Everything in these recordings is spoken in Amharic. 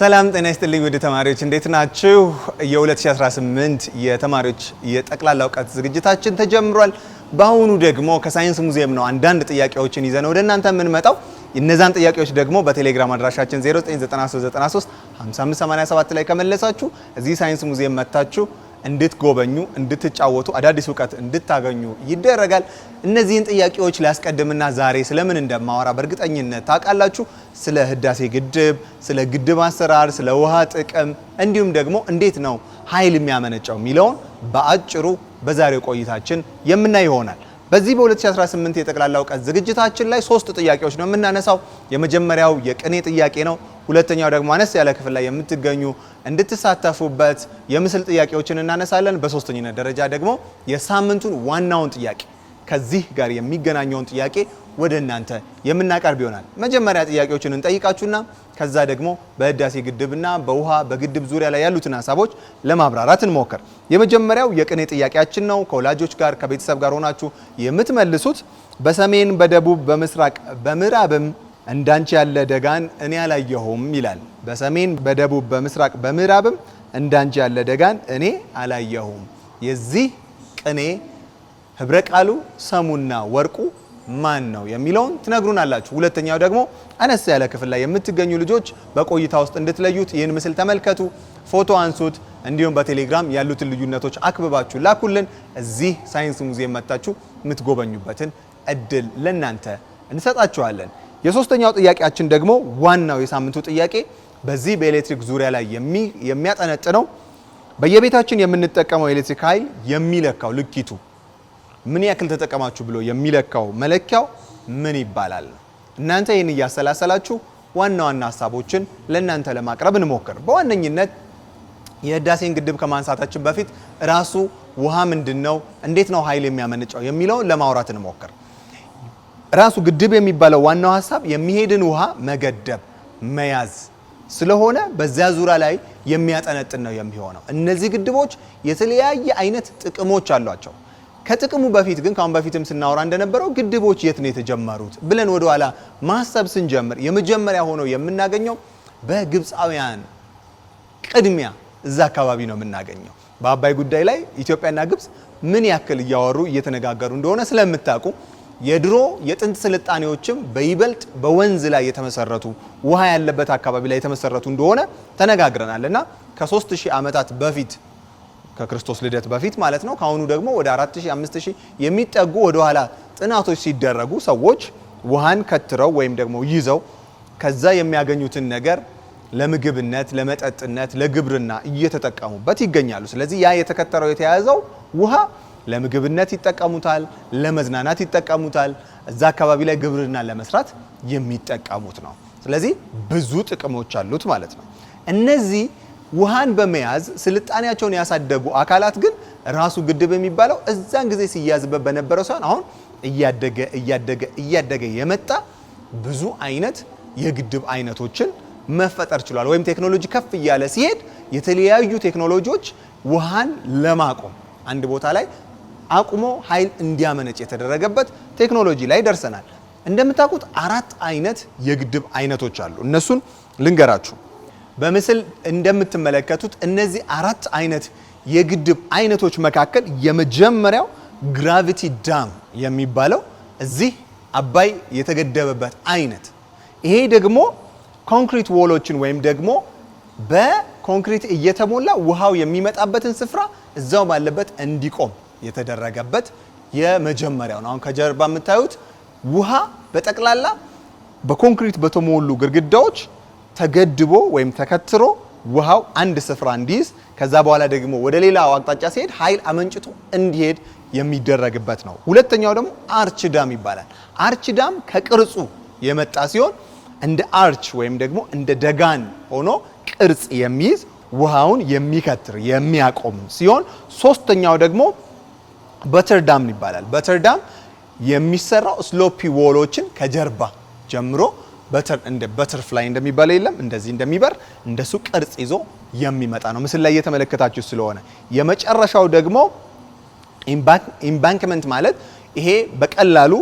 ሰላም ጤና ይስጥልኝ ውድ ተማሪዎች እንዴት ናችሁ? የ2018 የተማሪዎች የጠቅላላ እውቀት ዝግጅታችን ተጀምሯል። በአሁኑ ደግሞ ከሳይንስ ሙዚየም ነው አንዳንድ ጥያቄዎችን ይዘን ወደ እናንተ የምንመጣው። እነዛን ጥያቄዎች ደግሞ በቴሌግራም አድራሻችን 5587 ላይ ከመለሳችሁ እዚህ ሳይንስ ሙዚየም መጥታችሁ እንድትጎበኙ፣ እንድትጫወቱ፣ አዳዲስ እውቀት እንድታገኙ ይደረጋል። እነዚህን ጥያቄዎች ሊያስቀድምና ዛሬ ስለምን እንደማወራ በእርግጠኝነት ታውቃላችሁ። ስለ ህዳሴ ግድብ፣ ስለ ግድብ አሰራር፣ ስለ ውሃ ጥቅም እንዲሁም ደግሞ እንዴት ነው ኃይል የሚያመነጨው የሚለውን በአጭሩ በዛሬው ቆይታችን የምናይ ይሆናል። በዚህ በ2018 የጠቅላላ እውቀት ዝግጅታችን ላይ ሶስት ጥያቄዎች ነው የምናነሳው። የመጀመሪያው የቅኔ ጥያቄ ነው። ሁለተኛው ደግሞ አነስ ያለ ክፍል ላይ የምትገኙ እንድትሳተፉበት የምስል ጥያቄዎችን እናነሳለን። በሶስተኝነት ደረጃ ደግሞ የሳምንቱን ዋናውን ጥያቄ ከዚህ ጋር የሚገናኘውን ጥያቄ ወደ እናንተ የምናቀርብ ይሆናል። መጀመሪያ ጥያቄዎችን እንጠይቃችሁና ከዛ ደግሞ በህዳሴ ግድብና በውሃ በግድብ ዙሪያ ላይ ያሉትን ሀሳቦች ለማብራራት እንሞክር። የመጀመሪያው የቅኔ ጥያቄያችን ነው። ከወላጆች ጋር ከቤተሰብ ጋር ሆናችሁ የምትመልሱት በሰሜን በደቡብ በምስራቅ በምዕራብም እንዳንቺ ያለ ደጋን እኔ አላየሁም ይላል። በሰሜን በደቡብ በምስራቅ በምዕራብም እንዳንቺ ያለ ደጋን እኔ አላየሁም። የዚህ ቅኔ ህብረ ቃሉ ሰሙና ወርቁ ማን ነው የሚለውን ትነግሩናላችሁ። ሁለተኛው ደግሞ አነስ ያለ ክፍል ላይ የምትገኙ ልጆች በቆይታ ውስጥ እንድትለዩት ይህን ምስል ተመልከቱ፣ ፎቶ አንሱት፣ እንዲሁም በቴሌግራም ያሉትን ልዩነቶች አክብባችሁ ላኩልን። እዚህ ሳይንስ ሙዚየም መጥታችሁ የምትጎበኙበትን እድል ለእናንተ እንሰጣችኋለን። የሶስተኛው ጥያቄያችን ደግሞ ዋናው የሳምንቱ ጥያቄ በዚህ በኤሌክትሪክ ዙሪያ ላይ የሚያጠነጥነው በየቤታችን የምንጠቀመው ኤሌክትሪክ ኃይል የሚለካው ልኪቱ ምን ያክል ተጠቀማችሁ ብሎ የሚለካው መለኪያው ምን ይባላል? እናንተ ይህን እያሰላሰላችሁ ዋና ዋና ሀሳቦችን ለእናንተ ለማቅረብ እንሞክር። በዋነኝነት የህዳሴን ግድብ ከማንሳታችን በፊት ራሱ ውሃ ምንድን ነው፣ እንዴት ነው ኃይል የሚያመነጫው የሚለውን ለማውራት እንሞክር። ራሱ ግድብ የሚባለው ዋናው ሀሳብ የሚሄድን ውሃ መገደብ መያዝ ስለሆነ በዚያ ዙሪያ ላይ የሚያጠነጥን ነው የሚሆነው። እነዚህ ግድቦች የተለያየ አይነት ጥቅሞች አሏቸው። ከጥቅሙ በፊት ግን ካሁን በፊትም ስናወራ እንደነበረው ግድቦች የት ነው የተጀመሩት ብለን ወደኋላ ማሰብ ስንጀምር የመጀመሪያ ሆነው የምናገኘው በግብፃውያን ቅድሚያ እዛ አካባቢ ነው የምናገኘው። በአባይ ጉዳይ ላይ ኢትዮጵያና ግብፅ ምን ያክል እያወሩ እየተነጋገሩ እንደሆነ ስለምታውቁ የድሮ የጥንት ስልጣኔዎችም በይበልጥ በወንዝ ላይ የተመሰረቱ ውሃ ያለበት አካባቢ ላይ የተመሰረቱ እንደሆነ ተነጋግረናል እና ከ3000 ዓመታት በፊት ከክርስቶስ ልደት በፊት ማለት ነው። ከአሁኑ ደግሞ ወደ 4000 5000 የሚጠጉ ወደኋላ ጥናቶች ሲደረጉ ሰዎች ውሃን ከትረው ወይም ደግሞ ይዘው ከዛ የሚያገኙትን ነገር ለምግብነት፣ ለመጠጥነት፣ ለግብርና እየተጠቀሙበት ይገኛሉ። ስለዚህ ያ የተከተረው የተያዘው ውሃ ለምግብነት ይጠቀሙታል፣ ለመዝናናት ይጠቀሙታል፣ እዛ አካባቢ ላይ ግብርና ለመስራት የሚጠቀሙት ነው። ስለዚህ ብዙ ጥቅሞች አሉት ማለት ነው እነዚህ ውሃን በመያዝ ስልጣኔያቸውን ያሳደጉ አካላት ግን ራሱ ግድብ የሚባለው እዛን ጊዜ ሲያዝበት በነበረው ሳይሆን አሁን እያደገ እያደገ እያደገ የመጣ ብዙ አይነት የግድብ አይነቶችን መፈጠር ችሏል። ወይም ቴክኖሎጂ ከፍ እያለ ሲሄድ የተለያዩ ቴክኖሎጂዎች ውሃን ለማቆም አንድ ቦታ ላይ አቁሞ ኃይል እንዲያመነጭ የተደረገበት ቴክኖሎጂ ላይ ደርሰናል። እንደምታውቁት አራት አይነት የግድብ አይነቶች አሉ። እነሱን ልንገራችሁ። በምስል እንደምትመለከቱት እነዚህ አራት አይነት የግድብ አይነቶች መካከል የመጀመሪያው ግራቪቲ ዳም የሚባለው እዚህ አባይ የተገደበበት አይነት ይሄ ደግሞ ኮንክሪት ዎሎችን ወይም ደግሞ በኮንክሪት እየተሞላ ውሃው የሚመጣበትን ስፍራ እዛው ባለበት እንዲቆም የተደረገበት የመጀመሪያው ነው። አሁን ከጀርባ የምታዩት ውሃ በጠቅላላ በኮንክሪት በተሞሉ ግድግዳዎች ተገድቦ ወይም ተከትሮ ውሃው አንድ ስፍራ እንዲይዝ ከዛ በኋላ ደግሞ ወደ ሌላው አቅጣጫ ሲሄድ ኃይል አመንጭቶ እንዲሄድ የሚደረግበት ነው። ሁለተኛው ደግሞ አርች ዳም ይባላል። አርች ዳም ከቅርጹ የመጣ ሲሆን እንደ አርች ወይም ደግሞ እንደ ደጋን ሆኖ ቅርጽ የሚይዝ ውሃውን የሚከትር የሚያቆም ሲሆን ሶስተኛው ደግሞ በተርዳም ይባላል። በተርዳም የሚሰራው ስሎፒ ዎሎችን ከጀርባ ጀምሮ በተር በተርፍላይ እንደሚባለ የለም እንደዚህ እንደሚበር እንደሱ ቅርጽ ይዞ የሚመጣ ነው። ምስል ላይ እየተመለከታችሁ ስለሆነ የመጨረሻው ደግሞ ኢምባንክመንት ማለት ይሄ በቀላሉ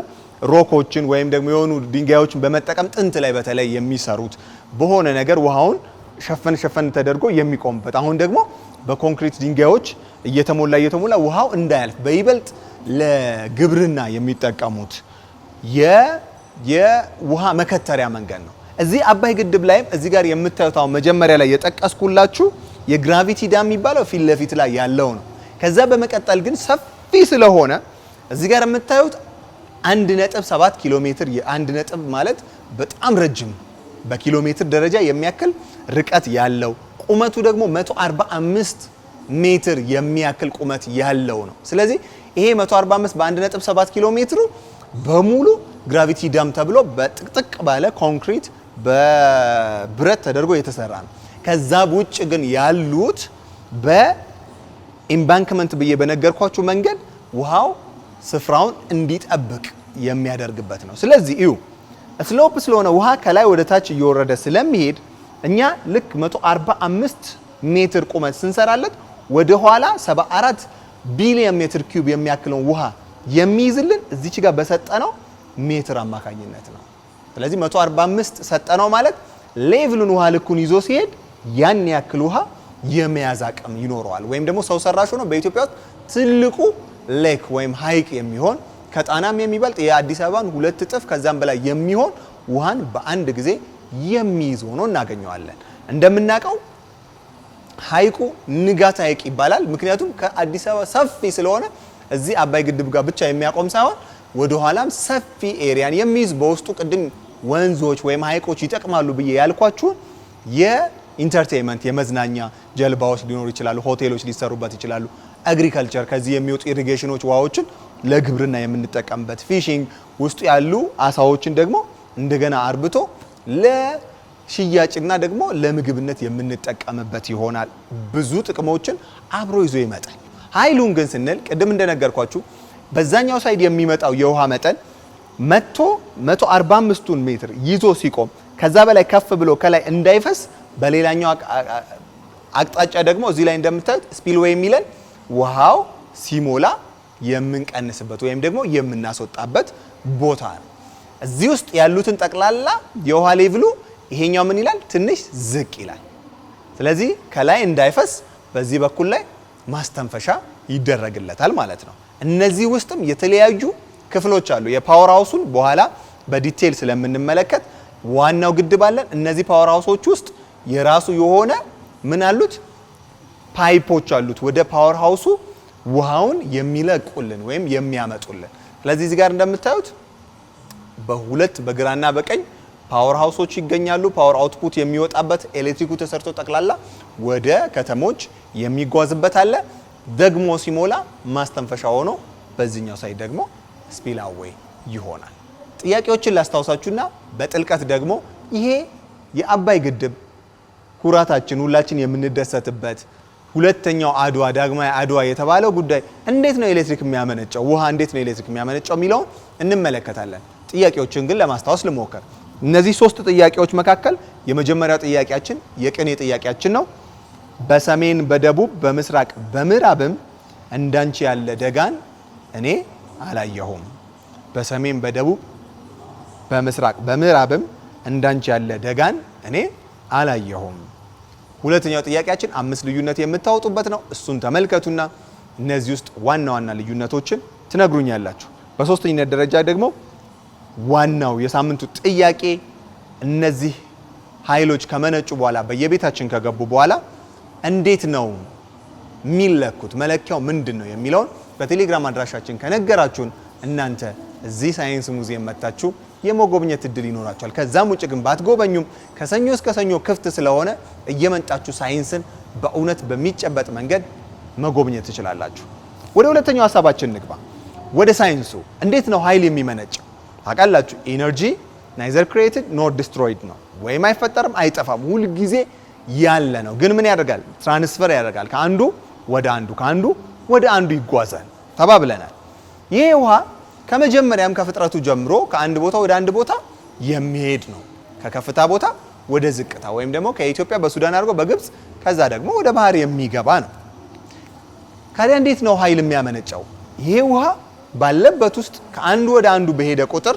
ሮኮችን ወይም ደግሞ የሆኑ ድንጋዮችን በመጠቀም ጥንት ላይ በተለይ የሚሰሩት በሆነ ነገር ውሃውን ሸፈን ሸፈን ተደርጎ የሚቆምበት አሁን ደግሞ በኮንክሪት ድንጋዮች እየተሞላ እየተሞላ ውሃው እንዳያልፍ በይበልጥ ለግብርና የሚጠቀሙት የውሃ መከተሪያ መንገድ ነው። እዚህ አባይ ግድብ ላይም እዚህ ጋር የምታዩት መጀመሪያ ላይ የጠቀስኩላችሁ የግራቪቲ ዳም የሚባለው ፊት ለፊት ላይ ያለው ነው። ከዛ በመቀጠል ግን ሰፊ ስለሆነ እዚህ ጋር የምታዩት 1.7 ኪሎ ሜትር 1 ነጥብ ማለት በጣም ረጅም በኪሎ ሜትር ደረጃ የሚያክል ርቀት ያለው ቁመቱ ደግሞ 145 ሜትር የሚያክል ቁመት ያለው ነው። ስለዚህ ይሄ 145 በ1.7 ኪሎ ሜትሩ በሙሉ ግራቪቲ ደም ተብሎ በጥቅጥቅ ባለ ኮንክሪት በብረት ተደርጎ የተሰራ ነው። ከዛ ውጭ ግን ያሉት በኢምባንክመንት ብዬ በነገርኳችሁ መንገድ ውሃው ስፍራውን እንዲጠብቅ የሚያደርግበት ነው። ስለዚህ እዩ ስሎፕ ስለሆነ ውሃ ከላይ ወደ ታች እየወረደ ስለሚሄድ እኛ ልክ 145 ሜትር ቁመት ስንሰራለት ወደ ኋላ 74 ቢሊዮን ሜትር ኪዩብ የሚያክለውን ውሃ የሚይዝልን እዚች ጋር በሰጠነው ሜትር አማካኝነት ነው። ስለዚህ 145 ሰጠነው ማለት ሌቭሉን ውሃ ልኩን ይዞ ሲሄድ ያን ያክል ውሃ የመያዝ አቅም ይኖረዋል። ወይም ደግሞ ሰው ሰራሽ ሆኖ በኢትዮጵያ ውስጥ ትልቁ ሌክ ወይም ሀይቅ የሚሆን ከጣናም የሚበልጥ የአዲስ አበባን ሁለት እጥፍ ከዛም በላይ የሚሆን ውሃን በአንድ ጊዜ የሚይዝ ሆኖ እናገኘዋለን። እንደምናውቀው ሀይቁ ንጋት ሀይቅ ይባላል። ምክንያቱም ከአዲስ አበባ ሰፊ ስለሆነ እዚህ አባይ ግድብ ጋር ብቻ የሚያቆም ሳይሆን ወደኋላም ሰፊ ኤሪያን የሚይዝ በውስጡ ቅድም ወንዞች ወይም ሀይቆች ይጠቅማሉ ብዬ ያልኳችሁ የኢንተርቴንመንት የመዝናኛ ጀልባዎች ሊኖሩ ይችላሉ፣ ሆቴሎች ሊሰሩበት ይችላሉ። አግሪካልቸር ከዚህ የሚወጡ ኢሪጌሽኖች ውሃዎችን ለግብርና የምንጠቀምበት፣ ፊሽንግ ውስጡ ያሉ አሳዎችን ደግሞ እንደገና አርብቶ ለሽያጭና ደግሞ ለምግብነት የምንጠቀምበት ይሆናል። ብዙ ጥቅሞችን አብሮ ይዞ ይመጣል። ኃይሉን ግን ስንል ቅድም እንደነገርኳችሁ በዛኛው ሳይድ የሚመጣው የውሃ መጠን መቶ 145ቱን ሜትር ይዞ ሲቆም ከዛ በላይ ከፍ ብሎ ከላይ እንዳይፈስ በሌላኛው አቅጣጫ ደግሞ እዚህ ላይ እንደምታዩት ስፒልዌይ የሚለን ውሃው ሲሞላ የምንቀንስበት ወይም ደግሞ የምናስወጣበት ቦታ ነው። እዚህ ውስጥ ያሉትን ጠቅላላ የውሃ ሌቭሉ ይሄኛው ምን ይላል? ትንሽ ዝቅ ይላል። ስለዚህ ከላይ እንዳይፈስ በዚህ በኩል ላይ ማስተንፈሻ ይደረግለታል ማለት ነው። እነዚህ ውስጥም የተለያዩ ክፍሎች አሉ። የፓወር ሃውሱን በኋላ በዲቴል ስለምንመለከት ዋናው ግድብ አለን። እነዚህ ፓወር ሃውሶች ውስጥ የራሱ የሆነ ምን አሉት? ፓይፖች አሉት ወደ ፓወር ሃውሱ ውሃውን የሚለቁልን ወይም የሚያመጡልን። ስለዚህ እዚህ ጋር እንደምታዩት በሁለት በግራና በቀኝ ፓወር ሃውሶች ይገኛሉ። ፓወር አውትፑት የሚወጣበት ኤሌክትሪኩ ተሰርቶ ጠቅላላ ወደ ከተሞች የሚጓዝበት አለ። ደግሞ ሲሞላ ማስተንፈሻ ሆኖ በዚህኛው ሳይ ደግሞ ስፒላዌይ ይሆናል። ጥያቄዎችን ላስታውሳችሁና በጥልቀት ደግሞ ይሄ የአባይ ግድብ ኩራታችን ሁላችን የምንደሰትበት ሁለተኛው አድዋ ዳግማዊ አድዋ የተባለው ጉዳይ እንዴት ነው ኤሌክትሪክ የሚያመነጨው ውሃ እንዴት ነው ኤሌክትሪክ የሚያመነጨው የሚለውን እንመለከታለን። ጥያቄዎችን ግን ለማስታወስ ልሞከር። እነዚህ ሶስት ጥያቄዎች መካከል የመጀመሪያው ጥያቄያችን የቅኔ ጥያቄያችን ነው። በሰሜን በደቡብ በምስራቅ በምዕራብም እንዳንቺ ያለ ደጋን እኔ አላየሁም። በሰሜን በደቡብ በምስራቅ በምዕራብም እንዳንቺ ያለ ደጋን እኔ አላየሁም። ሁለተኛው ጥያቄያችን አምስት ልዩነት የምታወጡበት ነው። እሱን ተመልከቱና እነዚህ ውስጥ ዋና ዋና ልዩነቶችን ትነግሩኛላችሁ። በሶስተኝነት ደረጃ ደግሞ ዋናው የሳምንቱ ጥያቄ እነዚህ ኃይሎች ከመነጩ በኋላ በየቤታችን ከገቡ በኋላ እንዴት ነው የሚለኩት? መለኪያው ምንድን ነው የሚለውን በቴሌግራም አድራሻችን ከነገራችሁን እናንተ እዚህ ሳይንስ ሙዚየም መታችሁ የመጎብኘት እድል ይኖራችኋል። ከዛም ውጭ ግን ባትጎበኙም ከሰኞ እስከ ሰኞ ክፍት ስለሆነ እየመጣችሁ ሳይንስን በእውነት በሚጨበጥ መንገድ መጎብኘት ትችላላችሁ። ወደ ሁለተኛው ሀሳባችን ንግባ። ወደ ሳይንሱ እንዴት ነው ኃይል የሚመነጭ ታውቃላችሁ ኢነርጂ ናይዘር ክሬትድ ኖር ዲስትሮይድ ነው፣ ወይም አይፈጠርም አይጠፋም፣ ሁልጊዜ ያለ ነው። ግን ምን ያደርጋል? ትራንስፈር ያደርጋል። ከአንዱ ወደ አንዱ ከአንዱ ወደ አንዱ ይጓዛል ተባብለናል። ይሄ ውሃ ከመጀመሪያም ከፍጥረቱ ጀምሮ ከአንድ ቦታ ወደ አንድ ቦታ የሚሄድ ነው። ከከፍታ ቦታ ወደ ዝቅታ ወይም ደግሞ ከኢትዮጵያ በሱዳን አድርጎ በግብፅ ከዛ ደግሞ ወደ ባህር የሚገባ ነው። ካዲያ እንዴት ነው ኃይል የሚያመነጨው? ይሄ ውሃ ባለበት ውስጥ ከአንዱ ወደ አንዱ በሄደ ቁጥር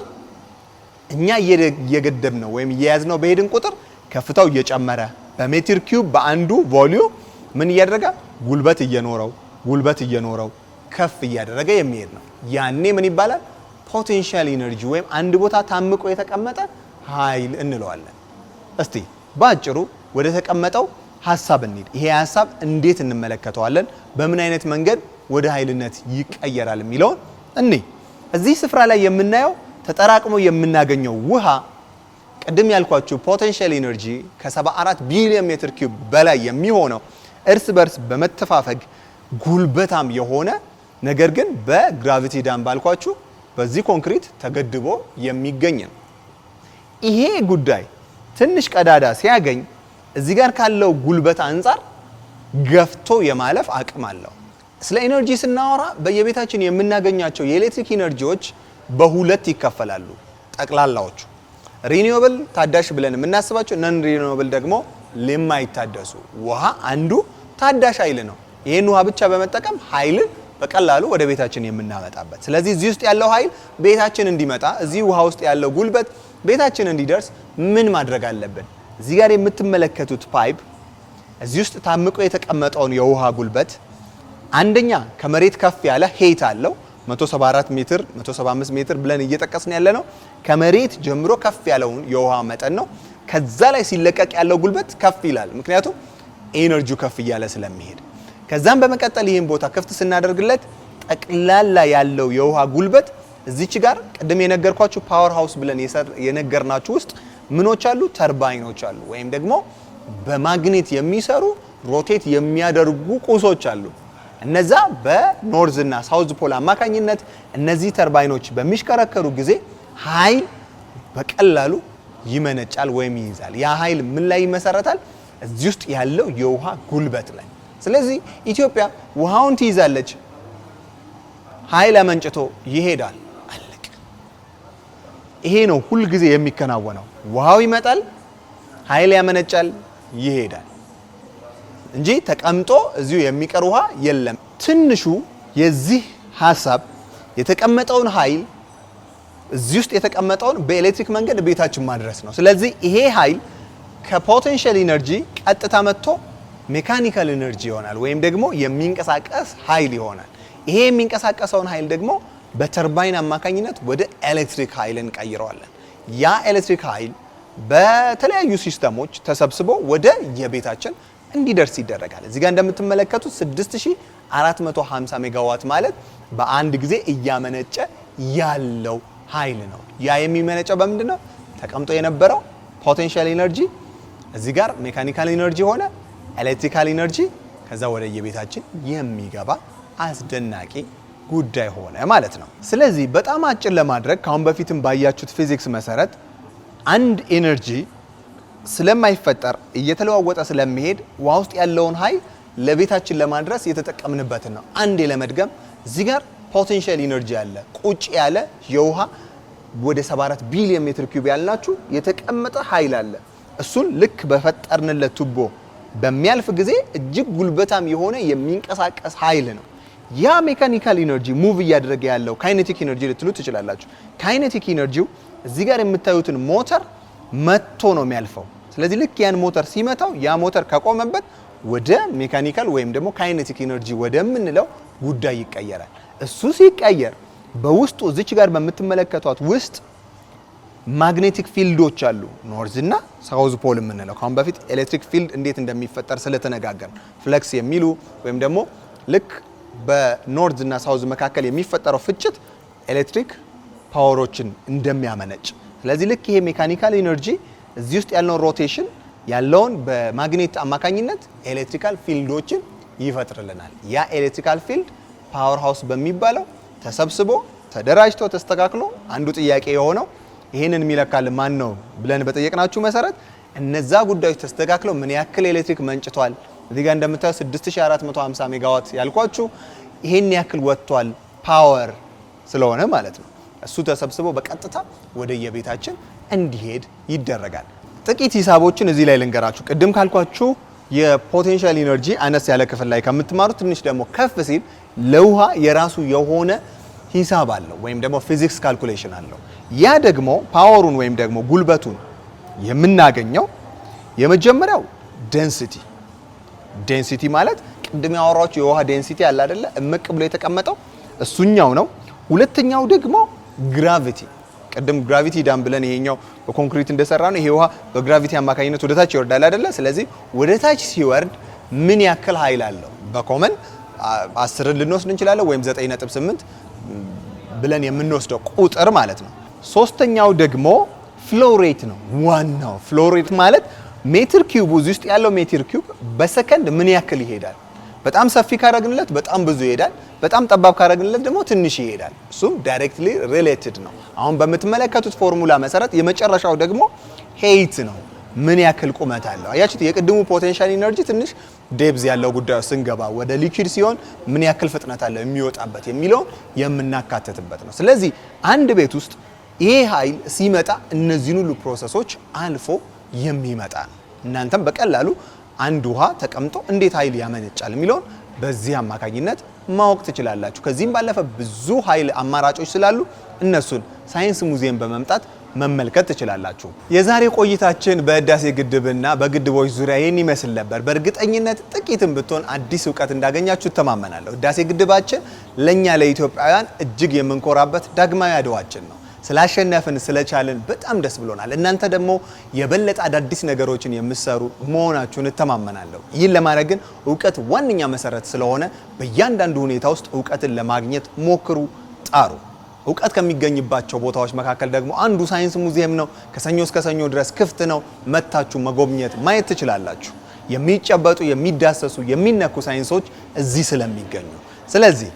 እኛ እየገደብ ነው ወይም እየያዝ ነው በሄድን ቁጥር ከፍታው እየጨመረ በሜትር ኪዩብ በአንዱ ቮሊዩም ምን እያደረገ ጉልበት እየኖረው ጉልበት እየኖረው ከፍ እያደረገ የሚሄድ ነው። ያኔ ምን ይባላል? ፖቴንሻል ኢነርጂ ወይም አንድ ቦታ ታምቆ የተቀመጠ ኃይል እንለዋለን። እስቲ በአጭሩ ወደ ተቀመጠው ሀሳብ እንሂድ። ይሄ ሀሳብ እንዴት እንመለከተዋለን? በምን አይነት መንገድ ወደ ኃይልነት ይቀየራል የሚለውን እኔ እዚህ ስፍራ ላይ የምናየው ተጠራቅሞ የምናገኘው ውሃ ቅድም ያልኳችሁ ፖቴንሻል ኢነርጂ ከ74 ቢሊዮን ሜትር ኪዩብ በላይ የሚሆነው እርስ በርስ በመተፋፈግ ጉልበታም የሆነ ነገር ግን በግራቪቲ ዳም ባልኳችሁ በዚህ ኮንክሪት ተገድቦ የሚገኝ ነው። ይሄ ጉዳይ ትንሽ ቀዳዳ ሲያገኝ እዚህ ጋር ካለው ጉልበት አንጻር ገፍቶ የማለፍ አቅም አለው። ስለ ኢነርጂ ስናወራ በየቤታችን የምናገኛቸው የኤሌክትሪክ ኢነርጂዎች በሁለት ይከፈላሉ ጠቅላላዎቹ ሪኒዌብል ታዳሽ ብለን የምናስባቸው ነን ሪኒዌብል ደግሞ ለማይታደሱ ውሃ አንዱ ታዳሽ ኃይል ነው። ይህን ውሃ ብቻ በመጠቀም ኃይልን በቀላሉ ወደ ቤታችን የምናመጣበት። ስለዚህ እዚህ ውስጥ ያለው ኃይል ቤታችን እንዲመጣ፣ እዚህ ውሃ ውስጥ ያለው ጉልበት ቤታችን እንዲደርስ ምን ማድረግ አለብን? እዚህ ጋር የምትመለከቱት ፓይፕ እዚህ ውስጥ ታምቆ የተቀመጠውን የውሃ ጉልበት አንደኛ ከመሬት ከፍ ያለ ሄት አለው 174 ሜትር 175 ሜትር ብለን እየጠቀስን ያለ ነው። ከመሬት ጀምሮ ከፍ ያለውን የውሃ መጠን ነው። ከዛ ላይ ሲለቀቅ ያለው ጉልበት ከፍ ይላል፣ ምክንያቱም ኤነርጂው ከፍ እያለ ስለሚሄድ። ከዛም በመቀጠል ይህን ቦታ ክፍት ስናደርግለት ጠቅላላ ያለው የውሃ ጉልበት እዚች ጋር ቅድም የነገርኳችሁ ፓወር ሃውስ ብለን የነገርናችሁ ውስጥ ምኖች አሉ፣ ተርባይኖች አሉ፣ ወይም ደግሞ በማግኔት የሚሰሩ ሮቴት የሚያደርጉ ቁሶች አሉ። እነዛ በኖርዝ እና ሳውዝ ፖል አማካኝነት እነዚህ ተርባይኖች በሚሽከረከሩ ጊዜ ኃይል በቀላሉ ይመነጫል ወይም ይይዛል። ያ ኃይል ምን ላይ ይመሰረታል? እዚህ ውስጥ ያለው የውሃ ጉልበት ላይ። ስለዚህ ኢትዮጵያ ውሃውን ትይዛለች፣ ኃይል አመንጭቶ ይሄዳል። ይሄ ነው ሁልጊዜ የሚከናወነው። ውሃው ይመጣል፣ ኃይል ያመነጫል፣ ይሄዳል። እንጂ ተቀምጦ እዚሁ የሚቀር ውሃ የለም። ትንሹ የዚህ ሀሳብ የተቀመጠውን ኃይል እዚህ ውስጥ የተቀመጠውን በኤሌክትሪክ መንገድ ቤታችን ማድረስ ነው። ስለዚህ ይሄ ኃይል ከፖቴንሻል ኢነርጂ ቀጥታ መጥቶ ሜካኒካል ኢነርጂ ይሆናል፣ ወይም ደግሞ የሚንቀሳቀስ ኃይል ይሆናል። ይሄ የሚንቀሳቀሰውን ኃይል ደግሞ በተርባይን አማካኝነት ወደ ኤሌክትሪክ ኃይል እንቀይረዋለን። ያ ኤሌክትሪክ ኃይል በተለያዩ ሲስተሞች ተሰብስቦ ወደ የቤታችን እንዲደርስ ይደረጋል። እዚህ ጋር እንደምትመለከቱት 6450 ሜጋዋት ማለት በአንድ ጊዜ እያመነጨ ያለው ኃይል ነው። ያ የሚመነጨው በምንድን ነው? ተቀምጦ የነበረው ፖቴንሻል ኢነርጂ እዚህ ጋር ሜካኒካል ኢነርጂ ሆነ ኤሌክትሪካል ኢነርጂ ከዛ ወደ የቤታችን የሚገባ አስደናቂ ጉዳይ ሆነ ማለት ነው። ስለዚህ በጣም አጭር ለማድረግ ከአሁን በፊትም ባያችሁት ፊዚክስ መሰረት አንድ ኢነርጂ ስለማይፈጠር እየተለዋወጠ ስለሚሄድ ውሃ ውስጥ ያለውን ኃይል ለቤታችን ለማድረስ የተጠቀምንበትን ነው። አንዴ ለመድገም እዚህ ጋር ፖቴንሻል ኢነርጂ አለ። ቁጭ ያለ የውሃ ወደ 74 ቢሊዮን ሜትር ኪዩብ ያልናችሁ የተቀመጠ ኃይል አለ። እሱን ልክ በፈጠርንለት ቱቦ በሚያልፍ ጊዜ እጅግ ጉልበታም የሆነ የሚንቀሳቀስ ኃይል ነው። ያ ሜካኒካል ኢነርጂ ሙቭ እያደረገ ያለው ካይኔቲክ ኢነርጂ ልትሉ ትችላላችሁ። ካይኔቲክ ኢነርጂው እዚህ ጋር የምታዩትን ሞተር መቶ ነው የሚያልፈው። ስለዚህ ልክ ያን ሞተር ሲመታው ያ ሞተር ከቆመበት ወደ ሜካኒካል ወይም ደግሞ ካይኔቲክ ኢነርጂ ወደምንለው ጉዳይ ይቀየራል። እሱ ሲቀየር በውስጡ እዚች ጋር በምትመለከቷት ውስጥ ማግኔቲክ ፊልዶች አሉ፣ ኖርዝ እና ሳውዝ ፖል የምንለው ከአሁን በፊት ኤሌክትሪክ ፊልድ እንዴት እንደሚፈጠር ስለተነጋገር ፍለክስ የሚሉ ወይም ደግሞ ልክ በኖርዝ እና ሳውዝ መካከል የሚፈጠረው ፍጭት ኤሌክትሪክ ፓወሮችን እንደሚያመነጭ ስለዚህ ልክ ይሄ ሜካኒካል ኢነርጂ እዚህ ውስጥ ያለውን ሮቴሽን ያለውን በማግኔት አማካኝነት ኤሌክትሪካል ፊልዶችን ይፈጥርልናል። ያ ኤሌክትሪካል ፊልድ ፓወር ሃውስ በሚባለው ተሰብስቦ ተደራጅቶ ተስተካክሎ አንዱ ጥያቄ የሆነው ይህንን የሚለካል ማን ነው ብለን በጠየቅናችሁ መሰረት እነዛ ጉዳዮች ተስተካክለው ምን ያክል ኤሌክትሪክ መንጭቷል፣ እዚህ ጋር እንደምታዩ 6450 ሜጋዋት ያልኳችሁ ይሄን ያክል ወጥቷል ፓወር ስለሆነ ማለት ነው። እሱ ተሰብስቦ በቀጥታ ወደ የቤታችን እንዲሄድ ይደረጋል። ጥቂት ሂሳቦችን እዚህ ላይ ልንገራችሁ። ቅድም ካልኳችሁ የፖቴንሻል ኢነርጂ አነስ ያለ ክፍል ላይ ከምትማሩ ትንሽ ደግሞ ከፍ ሲል ለውሃ የራሱ የሆነ ሂሳብ አለው ወይም ደግሞ ፊዚክስ ካልኩሌሽን አለው። ያ ደግሞ ፓወሩን ወይም ደግሞ ጉልበቱን የምናገኘው የመጀመሪያው ዴንሲቲ ዴንሲቲ ማለት ቅድም ያወራችሁ የውሃ ዴንሲቲ አለ አይደለ? እምቅ ብሎ የተቀመጠው እሱኛው ነው። ሁለተኛው ደግሞ ግራቪቲ ቅድም ግራቪቲ ዳም ብለን ይሄኛው በኮንክሪት እንደሰራ ነው። ይሄ ውሃ በግራቪቲ አማካኝነት ወደ ታች ይወርዳል አይደለ? ስለዚህ ወደ ታች ሲወርድ ምን ያክል ኃይል አለው? በኮመን አስርን ልንወስድ እንችላለን ወይም 9.8 ብለን የምንወስደው ቁጥር ማለት ነው። ሶስተኛው ደግሞ ፍሎሬት ነው። ዋናው ፍሎሬት ማለት ሜትር ኪዩብ ውስጥ ያለው ሜትር ኪዩብ በሰከንድ ምን ያክል ይሄዳል? በጣም ሰፊ ካረግንለት በጣም ብዙ ይሄዳል። በጣም ጠባብ ካረግንለት ደግሞ ትንሽ ይሄዳል። እሱም ዳይሬክትሊ ሪሌትድ ነው። አሁን በምትመለከቱት ፎርሙላ መሰረት የመጨረሻው ደግሞ ሄይት ነው። ምን ያክል ቁመት አለው? አያችሁት? የቅድሙ ፖቴንሻል ኢነርጂ ትንሽ ዴብዝ ያለው ጉዳዩ ስንገባ ወደ ሊኪድ ሲሆን ምን ያክል ፍጥነት አለው የሚወጣበት የሚለውን የምናካተትበት ነው። ስለዚህ አንድ ቤት ውስጥ ይሄ ኃይል ሲመጣ እነዚህን ሁሉ ፕሮሰሶች አልፎ የሚመጣ ነው። እናንተም በቀላሉ አንድ ውሃ ተቀምጦ እንዴት ኃይል ያመነጫል የሚለውን በዚህ አማካኝነት ማወቅ ትችላላችሁ። ከዚህም ባለፈ ብዙ ኃይል አማራጮች ስላሉ እነሱን ሳይንስ ሙዚየም በመምጣት መመልከት ትችላላችሁ። የዛሬ ቆይታችን በህዳሴ ግድብና በግድቦች ዙሪያ ይህን ይመስል ነበር። በእርግጠኝነት ጥቂትም ብትሆን አዲስ እውቀት እንዳገኛችሁ እተማመናለሁ። ህዳሴ ግድባችን ለእኛ ለኢትዮጵያውያን እጅግ የምንኮራበት ዳግማዊ አድዋችን ነው። ስላሸነፍን ስለቻልን በጣም ደስ ብሎናል። እናንተ ደግሞ የበለጠ አዳዲስ ነገሮችን የምትሰሩ መሆናችሁን እተማመናለሁ። ይህን ለማድረግ ግን እውቀት ዋነኛ መሰረት ስለሆነ በእያንዳንዱ ሁኔታ ውስጥ እውቀትን ለማግኘት ሞክሩ፣ ጣሩ። እውቀት ከሚገኝባቸው ቦታዎች መካከል ደግሞ አንዱ ሳይንስ ሙዚየም ነው። ከሰኞ እስከ ሰኞ ድረስ ክፍት ነው። መታችሁ መጎብኘት ማየት ትችላላችሁ። የሚጨበጡ የሚዳሰሱ፣ የሚነኩ ሳይንሶች እዚህ ስለሚገኙ ስለዚህ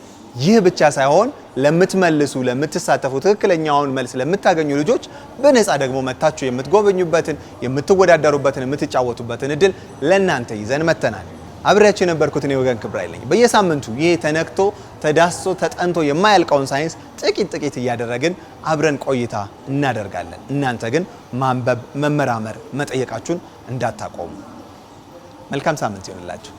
ይህ ብቻ ሳይሆን ለምትመልሱ ለምትሳተፉ ትክክለኛውን መልስ ለምታገኙ ልጆች በነፃ ደግሞ መታችሁ የምትጎበኙበትን የምትወዳደሩበትን የምትጫወቱበትን እድል ለእናንተ ይዘን መተናል። አብሬያችሁ የነበርኩት እኔ ወገን ክብራ አይለኝ። በየሳምንቱ ይህ ተነክቶ ተዳስሶ ተጠንቶ የማያልቀውን ሳይንስ ጥቂት ጥቂት እያደረግን አብረን ቆይታ እናደርጋለን። እናንተ ግን ማንበብ፣ መመራመር፣ መጠየቃችሁን እንዳታቆሙ። መልካም ሳምንት ይሆንላችሁ።